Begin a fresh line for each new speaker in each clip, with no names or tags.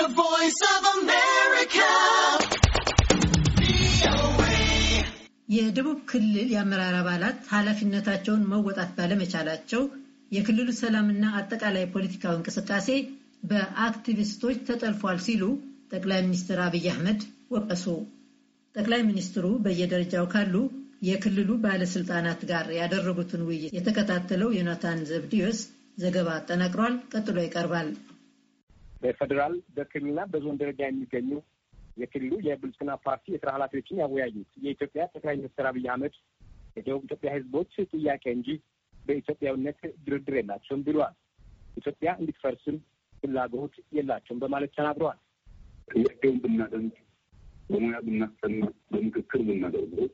The Voice of America.
የደቡብ ክልል የአመራር አባላት ኃላፊነታቸውን መወጣት ባለመቻላቸው የክልሉ ሰላምና አጠቃላይ ፖለቲካዊ እንቅስቃሴ በአክቲቪስቶች ተጠልፏል ሲሉ ጠቅላይ ሚኒስትር አብይ አህመድ ወቀሱ። ጠቅላይ ሚኒስትሩ በየደረጃው ካሉ የክልሉ ባለስልጣናት ጋር ያደረጉትን ውይይት የተከታተለው ዮናታን ዘብዲዮስ ዘገባ አጠናቅሯል። ቀጥሎ ይቀርባል።
በፌዴራል በክልልና በዞን ደረጃ የሚገኙ የክልሉ የብልጽግና ፓርቲ የስራ ኃላፊዎችን ያወያዩት የኢትዮጵያ ጠቅላይ ሚኒስትር አብይ አህመድ የደቡብ ኢትዮጵያ ህዝቦች ጥያቄ እንጂ በኢትዮጵያዊነት ድርድር የላቸውም ብለዋል። ኢትዮጵያ እንድትፈርስም ፍላጎት የላቸውም በማለት ተናግረዋል። ጥያቄውን ብናደንቅ፣ በሙያ ብናሰማ፣ በምክክር
ብናደርገው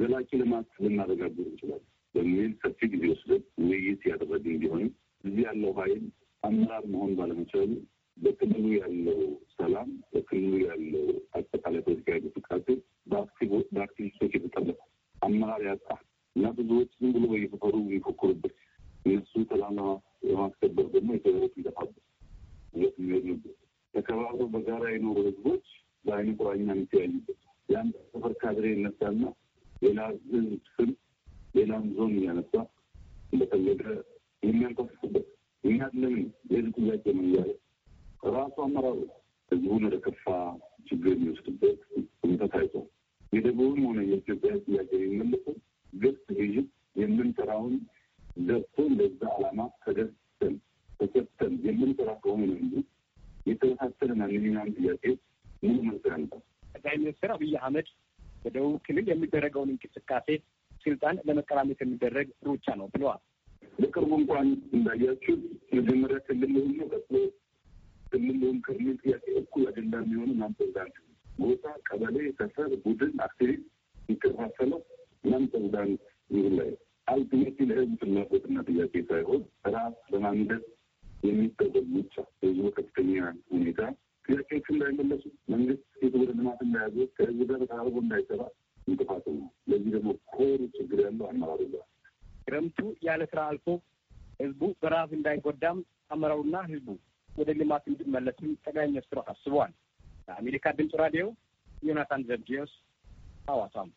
ዘላቂ ልማት ልናረጋግጥ እንችላለን በሚል ሰፊ ጊዜ ወስደን ውይይት ያደረግን ቢሆንም እዚህ ያለው ኃይል አመራር መሆን ባለመቻሉ በክልሉ ያለው ሰላም፣ በክልሉ ያለው አጠቃላይ ፖለቲካዊ እንቅስቃሴ በአክቲቪስቶች የተጠለፈ አመራር ያጣ እና ብዙዎች ዝም ብሎ በየሰፈሩ የሚፎክሩበት የእሱ ሰላም የማስከበር ደግሞ የተወት ይጠፋበት ሁለት ሚሊዮን ተከባብሮ በጋራ የኖሩ ህዝቦች በአይነ ቁራኛ የሚተያዩበት የአንድ ሰፈር ካድሬ ይነሳና ሌላ ህዝብ ስም ሌላም ዞን እያነሳ እንደፈለገ የሚያንቀፍበት እኛ ለምን የህዝብ ጥያቄ ነው እያለ ራሱ አመራሩ ህዝቡን ወደ ከፋ ችግር የሚወስድበት ሁኔታ ታይቷል። የደቡብም ሆነ የኢትዮጵያ ጥያቄ የሚመለሰው ግልጽ ውይይት የምንሰራውን ገብቶ ለዛ ዓላማ ተገዝተን ተሰተን የምንሰራ ከሆነ ነው እንጂ የተበታተነ
ማንኛውም ጥያቄ ሙሉ መልስ ያንጣል። ጠቅላይ ሚኒስትር አብይ አህመድ በደቡብ ክልል የሚደረገውን እንቅስቃሴ ስልጣን ለመቀራመት የሚደረግ ሩጫ ነው ብለዋል። በቅርቡ እንኳን እንዳያችሁ መጀመሪያ ክልል ሆኖ ቀጥሎ ከሁሉም
ጥያቄ እኩል አጀንዳ የሚሆኑ ናምተዛንት ቦታ፣ ቀበሌ፣ ሰፈር፣ ቡድን፣ አክቲቪስት የሚከፋፈለው ናምተዛንት ይሁን ላይ አልቲሜት ለህዝብ ፍላጎትና ጥያቄ ሳይሆን ራስ ለማንደት የሚደረግ ብቻ ህዝቡ ከፍተኛ ሁኔታ ጥያቄዎች እንዳይመለሱ መንግስት ሴት ወደ ልማት እንዳያዘ ከህዝብ ጋር ተቃርቦ እንዳይሰራ እንቅፋት
ነው። ለዚህ ደግሞ ኮሩ ችግር ያለው አመራሩ ጋር ክረምቱ ያለ ስራ አልፎ ህዝቡ በረሀብ እንዳይጎዳም አመራሩና ህዝቡ ወደ ልማት እንዲመለስም ጠቅላይ ሚኒስትሩ አስበዋል። ለአሜሪካ ድምፅ ራዲዮ ዮናታን ዘብዲዮስ ሐዋሳም